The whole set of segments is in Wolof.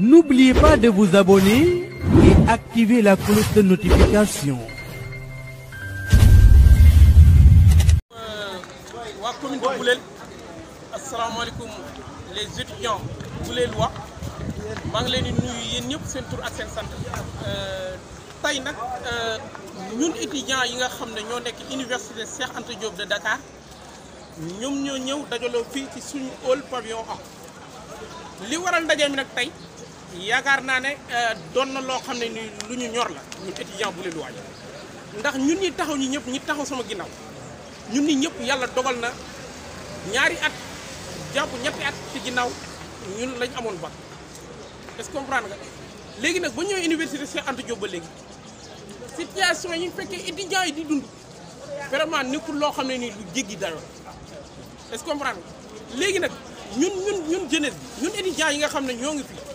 N'oubliez pas de vous abonner et activer la cloche de notification. Wa commune de Boulel asalaamaaleykum les étudiants boulelois maa ngi leen di nuyu yéen ñëpp seen tur ak seen sant euh, tey nag euh, ñun étudiants yi nga xam ne ñoo nekk université Cheikh Anta Diop de Dakar ñoom ñoo ñëw dajaloo fii ci suñu hall pavillon A li waral ndaje mi nag tey. yaakaar naa ne euh, doon na loo xam ne ni lu ñu ñor la ñun étudiant bu leen waaj ndax ñun ñi taxaw ñi ñëpp ñi taxaw sama ginnaaw ñun ñi ñëpp yàlla dogal na ñaari at jàpp ñetti at ginnaaw ñun lañ amoon bac est-ce léegi nag ba ñëwee université Cheikh Anta Diop ba léegi situation yi fekkee étudiants yi di dund vraiment nekkul loo xam ne nii lu jéggi dayoo est léegi nag ñun ñun ñun jeunesse bi ñun étudiants yi nga xam ne ñoo ngi fii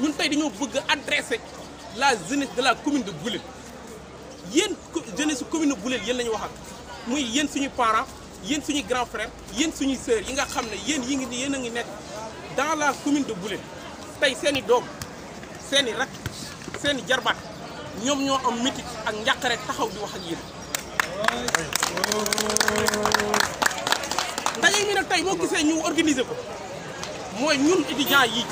ñun tey dañoo bëgg adresser la jeunesse de la commune de Boulel yéen jeunesse su commune de Boulel yéen la ñu wax ak muy yéen suñu parents yéen suñu grand frère yéen suñuy sœur yi nga xam ne yéen yi ngi yéen a ngi nekk dans la commune de Boulel tey seen i doom seen i rak seen i jarbaat ñoom ñoo am métit ak njàqare taxaw di wax ak yéen ndaje mi nag tey boo gisee ñu organiser ko mooy ñun étudiants yi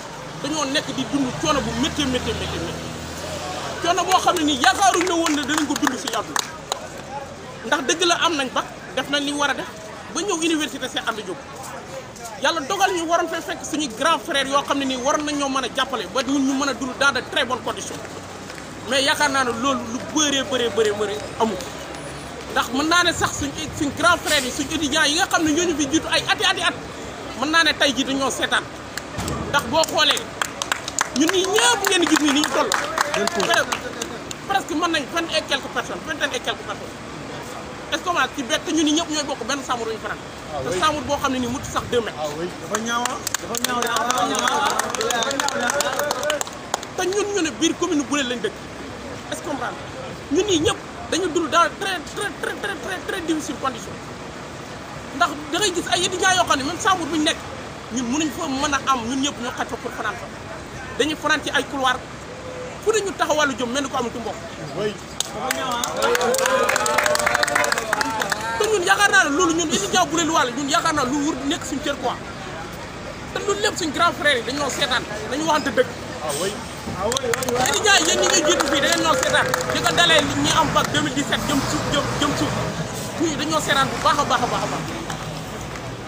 dañoo nekk di dund coono bu méttee méttee méttee méttee coono boo xam ne nii yaakaaruñ ne woon ne danañ ko dund si àdduna ndax dëgg la am nañ ba def nañ li war a def ba ñëw université am na Diop yàlla dogal ñu waroon fay fekk suñu grand frère yoo xam ne nii waroon nañ ñoo mën a jàppale ba ñun ñu mën a dund dans de très bonnes mais yaakaar naa ne loolu lu bëree bëree bëree bëri amul ndax mën naa ne sax suñ suñ grand frère yi suñ étudiants yi nga xam ne ñooñu fi jiitu ay ati mën naa ne tey jii dañoo seetaan ndax boo xoolee ñun ñii ñëpp ngeen gis nii ni ñu toll. presque mën nañ vingt et quelques personnes vingt et quelques personnes. est-ce que ci bett ñun ñii ñëpp ñooy bokk benn sàmmur yu ñu faral. Ah te sàmmur boo xam ne nii mu sax deux mètres. Ah dafa ñaaw ah. dafa ñaaw dafa ñaaw te ñun ñu ne biir commune bu lañ dëkk est-ce que comprendre ñun ñii ñëpp dañu dund dans très très très très très difficile condition ndax da ngay gis ay étudiants yoo xam même sàmmur bu nekk. ñun mënuñ fa mën a am ñun ñëpp ñu xaj fa pour fanaan fa dañuy fanaan ci ay couloir fu ne ñu taxawalu jëm mel ni ko am mbokk. te ñun yaakaar naa ne loolu ñun étudiant bu leen wàll ñun yaakaar naa lu wur nekk suñu cër quoi te loolu lépp suñu grand frère yi dañoo seetaan dañu waxante dëgg. waaw étudiant yi yéen ñi ñuy jiitu fii dañu ñoo seetaan ñu ko dalee bu baax a baax baax baax.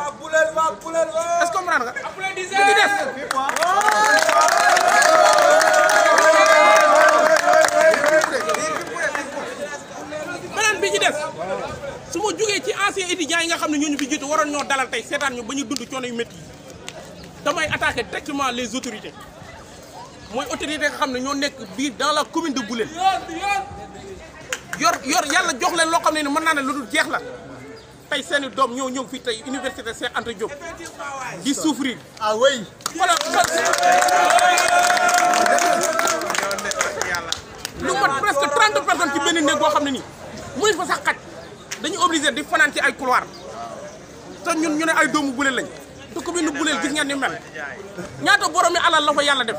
waa Boulel waa Boulel waa. est-ce que comprendre nga. applaudissez li ci des. beneen bi ci des su ma jugee ci ancien étudiants yi nga xam ne ñooñu fi jiitu waroon ñoo dalal tey seetaan ñu ba ñu dund coono yu métti yi damay attaquer directement les autorités mooy autorités nga xam ne ñoo nekk biir dans la commune de Boulel. yor yor yàlla jox leen loo xam ne ni mën naa ne lu dul jeex la. tay seen dom ñoo ñew fi tay université Cheikh Anta Diop di souffrir ah way lu mat presque 30 personnes ci benn néeg boo xamni ni muy fa sax xat dañu obligé di fanan ci ay couloir te ñun ñu ne ay domou bulel lañ ko commune bulel gis ngeen ni mel ñaato borom mi alal la fa yalla def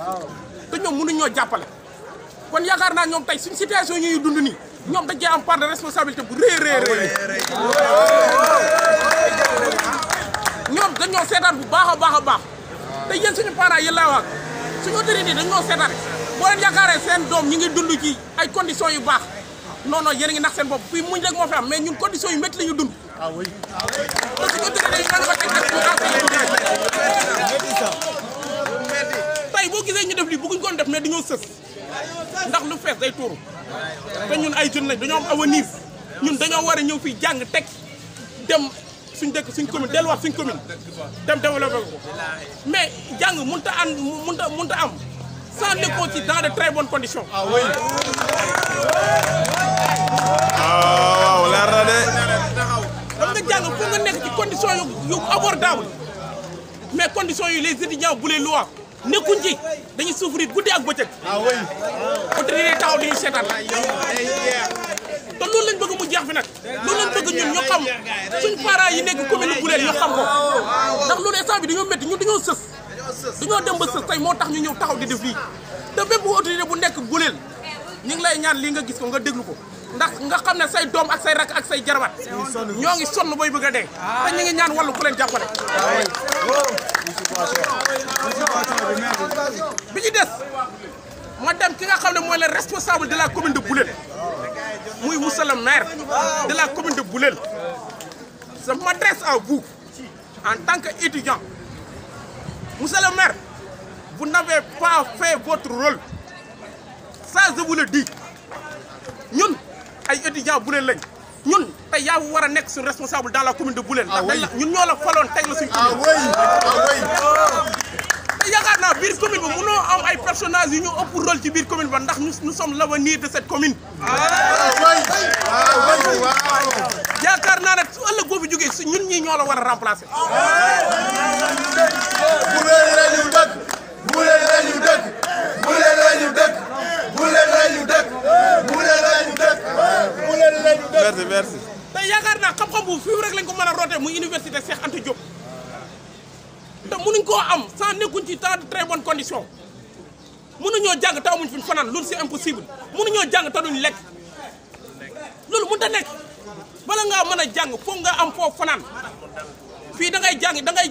te ñom mënu ñoo jappalé kon yaakaar naa ñoom tey suñ situation ñuy dund ni ñom dañ ci am part de responsabilité bu rëy rëy ñom dañ ñoo sétane bu baaxa a baax a yeen suñu parents yi la wax suñu dañ ñoo sétane bo leen yakaré seen doom ñi ngi dund ci ay conditions yu baax non non yeen a ngi nax seen bop fi muñ rek mo fi am mais ñun conditions yu metti lañu dund. ah oui te suñu autorité yi ñoo ko teg ak tey boo gisee ñu def lii bëgguñ ko def mais dañoo sës. ndax lu fees day tuuru te ñun ay jeunes lañ dañoo am ñun dañoo war a ñëw fii jàng teg dem suñ dëkk suñ commune delluwaat suñ commune dem développé ko mais jàng mënut a ànd mënut a am sans dépôt ci dans de très bonnes conditions. ah oui. Ah, waaw leer na de. dama jàng fu nga nekk ci conditions yu yu abordable mais conditions yi les étudiants bu les lois. nekkuñ ci dañuy souffrir guddi ak bëccëg. waaw ah oui. autorité taxaw dañuy seetaan. te loolu lañ bëgg mu jeex fi nag. loolu lañ bëgg ñun ñu xam suñ parents yi nekk commune Boulel ñu xam ko ndax loolu bi dañoo métti ñun dañoo sës. dañoo dem ba sës moo tax ñu ñëw taxaw di def lii te bépp bu nekk Boulel ñu ngi lay ñaan lii nga gis ko nga déglu ko. ndax nga xam ne say doom ak say rak ak say jarabat ñoo ngi sonn booy bëgg a dee te ñu ngi ñaan wàllu ku leen jàppale. Ah Madame, qui est responsable de la commune de Boulel vous êtes le maire de la commune de Boulel je m'adresse à vous en tant qu'étudiant êtes le maire vous n'avez pas fait votre rôle ça je vous le dis Nous, ay étudiants de tey yaa war a nekk suñu responsable dans la commune de Boulel. ah ndax ñun ñoo la faloon teg la suñu ah commune. ah te yaakaar naa biir commune ba mënoo am ay personnages yu ñu ëpp rôle ci biir commune ba ndax ñu nous sommes l'avenir de cette commune. Ah ah yaakaar naa nag su ëllëg boo fi jógee su ñun ñii ñoo la war a remplacer. merci merci te yaakaar xam-xam bu fii rek lañ ko mëna roté mu université Cheikh Anta Diop te mënuñ ko am sans nekkuñ ci de très bonnes conditions mënuñoo jàng te fi c'est impossible mënuñoo jàng te duñ lekk loolu mënut a nekk bala a jàng nga am fo fi da ngay da ngay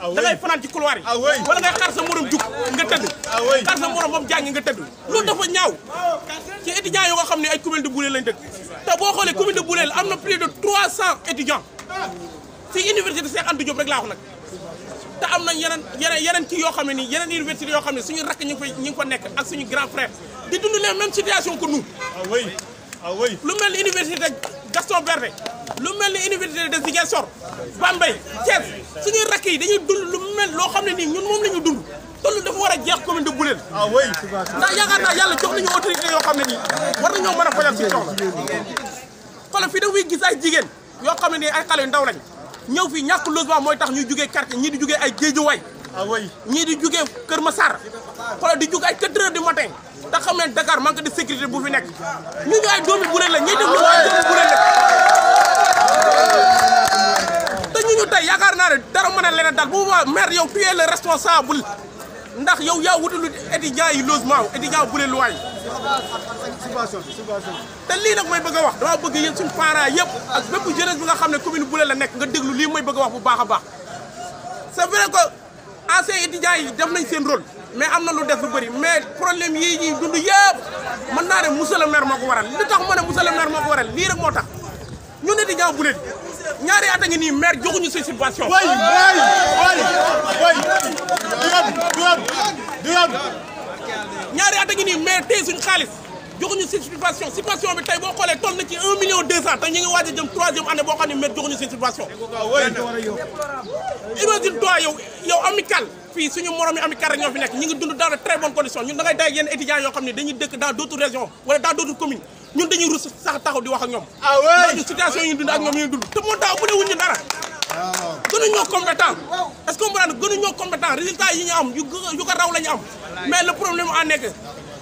da ngay fanaan ci couloir yi wala ngay xaar sa morom nga tëdd xaar sa morom moom jàngi nga tëdd loolu dafa ñaaw ci étudiants yoo nga xam ne ay commune de Boulel am na plus de 300 étudiants si université Cheikh Anta Diop rek laa wax nag te am nañ yeneen yeneen yeneen yoo xam ne yeneen université yoo xam ne suñu rakk ñu fa nekk ak suñu grand frère di dund les mêmes situation que nous lu mel université Gaston Berger lu mel ni université de Ziguinchor Bambey Thiès suñuy rakk yi dañuy dund lu mel loo xam ne nii ñun moom la ñu dund tollu dafa war a jeex commune de Boulel ah ndax yaakaar naa yàlla jox nañu autorité yoo xam ne nii war nañoo mën a fajal si soxla xoolal fii da ngay gis ay jigéen yoo xam ne nii ay xale yu ndaw lañ ñëw fii ñàkk logement mooy tax ñuy jugee quartier ñii di jugee ay Géejuwaay ah ñii di jugee Kër Massar xoolal di jug ay 4 heures du matin te xam ne Dakar manque de sécurité bu fi nekk ñu ñu ay doomi bu leen la ñuy def ñu ay doomi bu leen la te ñu ñu tey yaakaar naa ne dara mën a leneen bu boobaa maire yow tu es le responsable ndax yow yaa wutalu étudiants yi logement étudiants bu leen luwaay te lii nag may bëgg a wax dama bëgg yéen suñu parents yëpp ak bépp jeunesse bi nga xam ne commune bu leen la nekk nga déglu lii may bëgg a wax bu baax a baax c'est vrai que anciens étudiants yi def nañ seen rôle mais am na lu def lu bëri mais problème yii ñuy dund yëpp mën naa ne monsieur le maire moo ko waral li tax ma ne monsieur le maire moo waral lii rek moo tax ñun étudiants bu leen ñaari at a ngi nii maire joxuñu seen subvention. way way way way du yoon du yoon du ñaari at a ngi nii maire téye suñu xaalis. joxuñu seen situation subvention bi tay bo xolé toll na ci 1 million 200 te ñu ngi waaj dem 3 troisième année bo xamni ne met joxuñu situation subvention. imagine toi yow yow amical fi suñu morom yi amical rek ñofi nek ñi ngi dund dans de très bonnes conditions ñun da ngay day yeen étudiants yo xamni dañuy dëkk dans d'autres régions wala dans d'autres communes ñun dañuy rus sax taxaw di wax ak ñom ah oui la situation yi ñu dund ak ñom ñu dund te moo tax bu ne wuñu dara. gënu ñoo compétent est-ce qu'on que gënu ñoo compétent résultat yi ñu am yu ko raw lañu am mais le problème en est que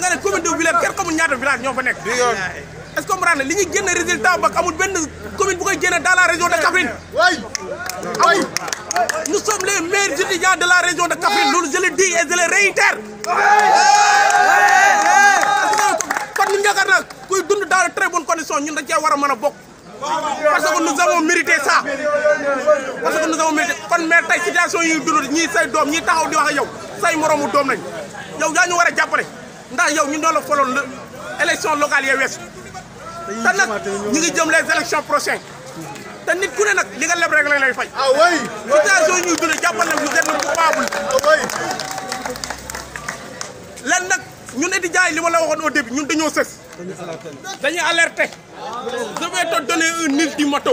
da nga ne commune de Villers kenn xamul ñaata village ñoo fa nekk. du yoon est li ñuy génne résultat ba amul benn commune bu koy génne dans la région de Kaffrine. waay amul nous sommes les meilleurs étudiants de la région de Kaffrine loolu je le dis et je le réitère. kon ñun yaakaar naa kuy dund dans de très bonnes conditions ñun dañ war a mën a bokk. parce que nous avons mérité ça parce que nous avons mérité kon mais tey situation yi dund ñii say doom ñi taxaw di wax ak yow say moromu doom lañ yow yaa war a jàppale. ndax yow ñu doon la foloon le élection locale yee weesu te nag ñu ngi jëm les élections prochaines te nit ku ne nag li nga leb rek lañ lay fay. ah oui situation ñuy dund jàppal nag vous êtes le coupable. ah oui. lenn nag ñun étudiants li ma la waxoon au début ñun dañoo sës. dañuy alerter. dañuy alerter. je vais te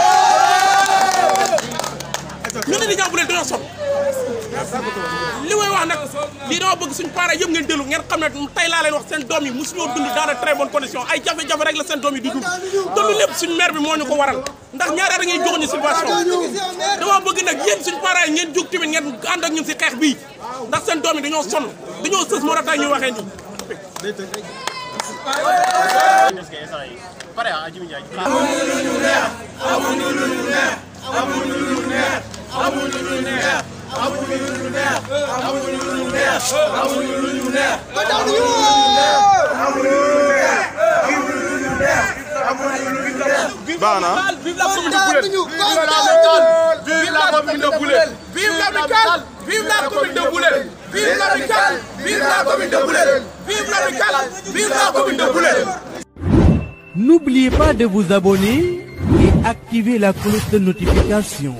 ñu ne di jàpp leen dañoo sonn li may wax nag lii dama bëgg suñu parents yëpp ngeen déglu ngeen xam ne tey laa leen wax seen doom yi mosuñoo dund dans de très bonnes conditions ay jafe-jafe rek la seen doom yi di dund te lu lépp suñu maire bi moo ñu ko waral ndax ñaari at ngay jox ñu situation dama bëgg nag yéen suñu parents yi ngeen jóg tamit ngeen ànd ak ñun si xeex bii ndax seen doom yi dañoo sonn dañoo sës moo tax tey ñuy waxee nii ah, ñu neex amuñu lu ñu neex amuñu lu ñu vive la commune de vive la vive la commune de vive la commune de vive la commune de N'oubliez pas de vous abonner et activer la cloche de notification.